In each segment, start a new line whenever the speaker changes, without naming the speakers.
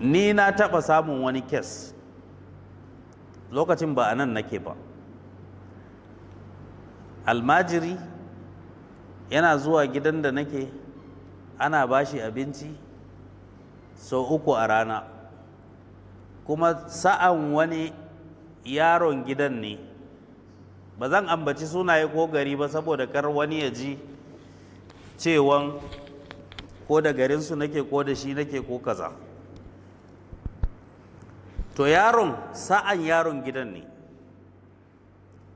ni na taɓa samun wani kes lokacin ba a nan nake ba almajiri yana zuwa gidan da nake ana bashi abinci sau uku a rana kuma sa'an wani yaron gidan ne ba zan ambaci sunaye ko gari ba saboda kar wani ya ji cewan ko da garinsu nake ko da shi nake ko kaza. to yaron sa'an yaron gidan ne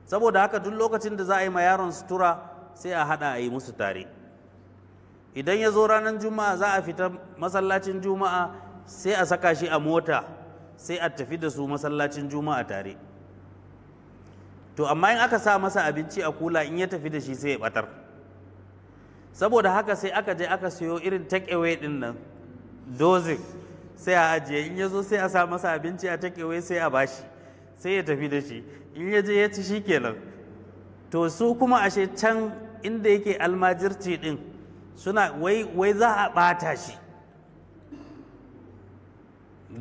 saboda haka duk lokacin da za a yi ma yaron sutura sai a haɗa a yi musu tare idan ya zo ranar juma'a za a fita masallacin juma'a sai a saka shi a mota sai a tafi da su masallacin juma'a tare to amma in aka sa masa abinci a kula in ya tafi da shi sai ya batar saboda haka sai aka je aka siyo irin take away din nan dozin sai a ajiye in ya zo sai a sa masa abinci a take wai sai a bashi sai ya tafi da shi in ya je ya ci shi kenan to su kuma ashe can inda yake almajirci din suna wai wai za a bata shi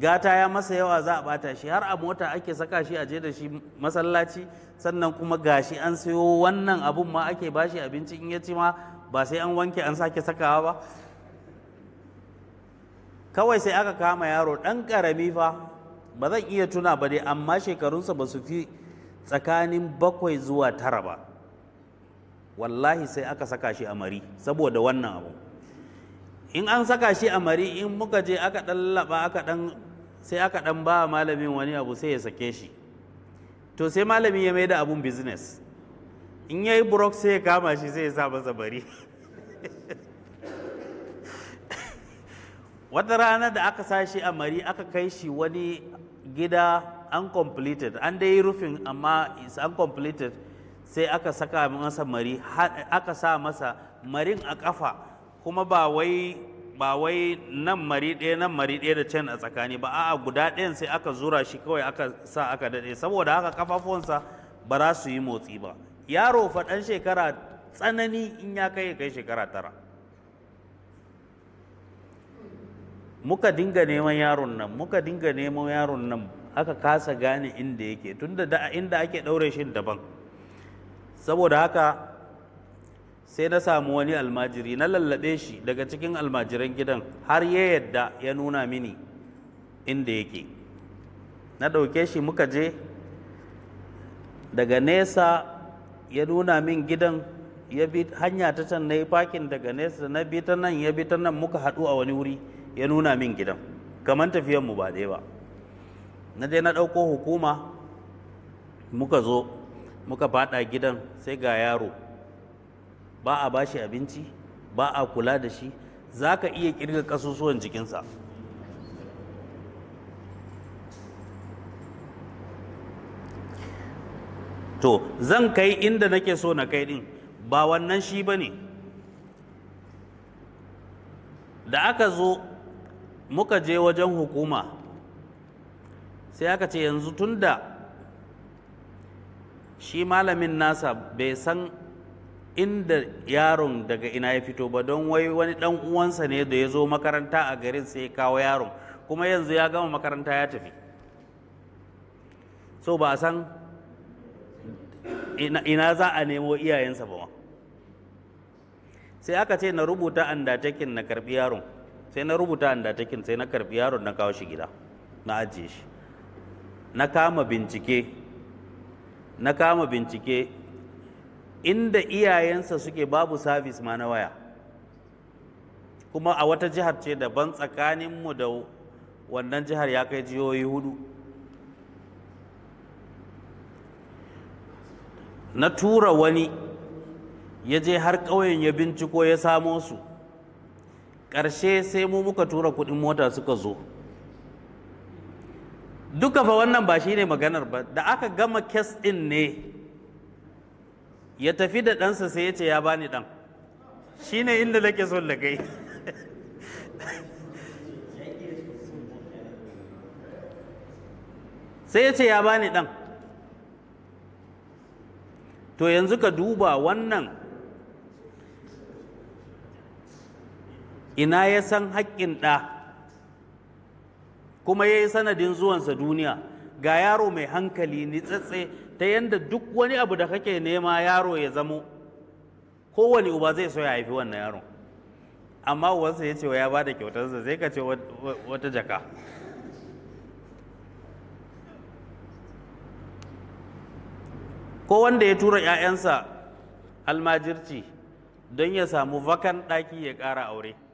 gata ya masa yawa za a bata shi har a mota ake saka shi a je da shi masallaci sannan kuma gashi an sayo wannan abun ma ake bashi abinci in ya ci ma ba sai an wanke an sake sakawa ba kawai sai aka kama yaro ɗan ƙarami fa ba zan iya tuna ba dai amma shekarunsa ba su fi tsakanin bakwai zuwa tara ba wallahi sai aka saka shi a mari saboda wannan abu in an saka shi a mari in muka je aka ɗan laɓa sai aka ɗan ba malamin wani abu sai ya sake shi to sai malamin ya maida da abun business in ya yi brok sai ya kama shi sai ya sa masa bari wata rana da aka sashi a mari aka kai shi wani gida uncompleted an dai yi rufin amma is uncompleted sai aka saka masa mari aka sa masa marin a kafa kuma ba wai ba wai nan mari ɗaya nan mari ɗaya da can a tsakani ba a'a guda ɗayan sai aka zura shi kawai aka sa aka daɗe saboda haka kafafuwansa ba za su yi motsi ba yaro faɗan shekara tsanani in ya kai kai shekara tara muka dinga neman yaron nan muka dinga neman yaron nan aka kasa gane inda yake tunda da inda ake ɗaure shi daban saboda haka sai na samu wani almajiri na lallaɓe shi daga cikin almajiran gidan har ya yadda ya nuna mini inda yake na ɗauke shi muka je daga nesa ya nuna min gidan ya bi hanya ta can na yi fakin daga nesa na bi ta nan ya bi ta nan muka haɗu a wani wuri ya nuna min gidan kamar tafiyan mu ba ɗaya ba na je na ɗauko hukuma muka zo muka faɗa gidan sai ga yaro ba a bashi abinci ba a kula da shi za ka iya ƙirga ƙasusuwan jikinsa to zan kai inda nake so na kai din ba wannan shi ba ne da aka zo muka je wajen hukuma sai aka ce yanzu tunda shi malamin nasa bai san inda yaron daga ina ya fito ba don wai wani dan uwansa ne da ya zo makaranta a garin sai ya kawo yaron kuma yanzu ya gama makaranta ya tafi so ba a san ina za a nemo iyayensa ba sai aka ce na rubuta undertaking na karbi yaron sai na rubuta inda takin sai na karbi yaron na kawo shi gida na ajiye shi na kama bincike na kama bincike inda iyayensa suke babu service ma na waya kuma a wata jihar ce daban tsakaninmu da wannan jihar ya kai jihohi hudu na tura wani ya je har ƙauyen ya binciko ya samo su ƙarshe sai mu muka tura kuɗin mota suka zo duka fa wannan ba shi ne maganar ba da aka gama kes ɗin ne ya tafi da ɗansa sai ya ce ya bani ɗan shi ne inda nake son da sai ya ce ya bani ɗan to yanzu ka duba wannan ina ya san haƙƙin ɗa kuma ya yi sanadin zuwansa duniya ga yaro mai hankali nitsatse ta yadda duk wani abu da kake nema yaro ya zamo kowane uba zai so ya haifi wannan yaron amma uwansa ya ce wa ya ba da kyautarsa zai kace wata jaka ko ya tura 'ya'yansa almajirci don ya samu vakan ɗaki ya kara aure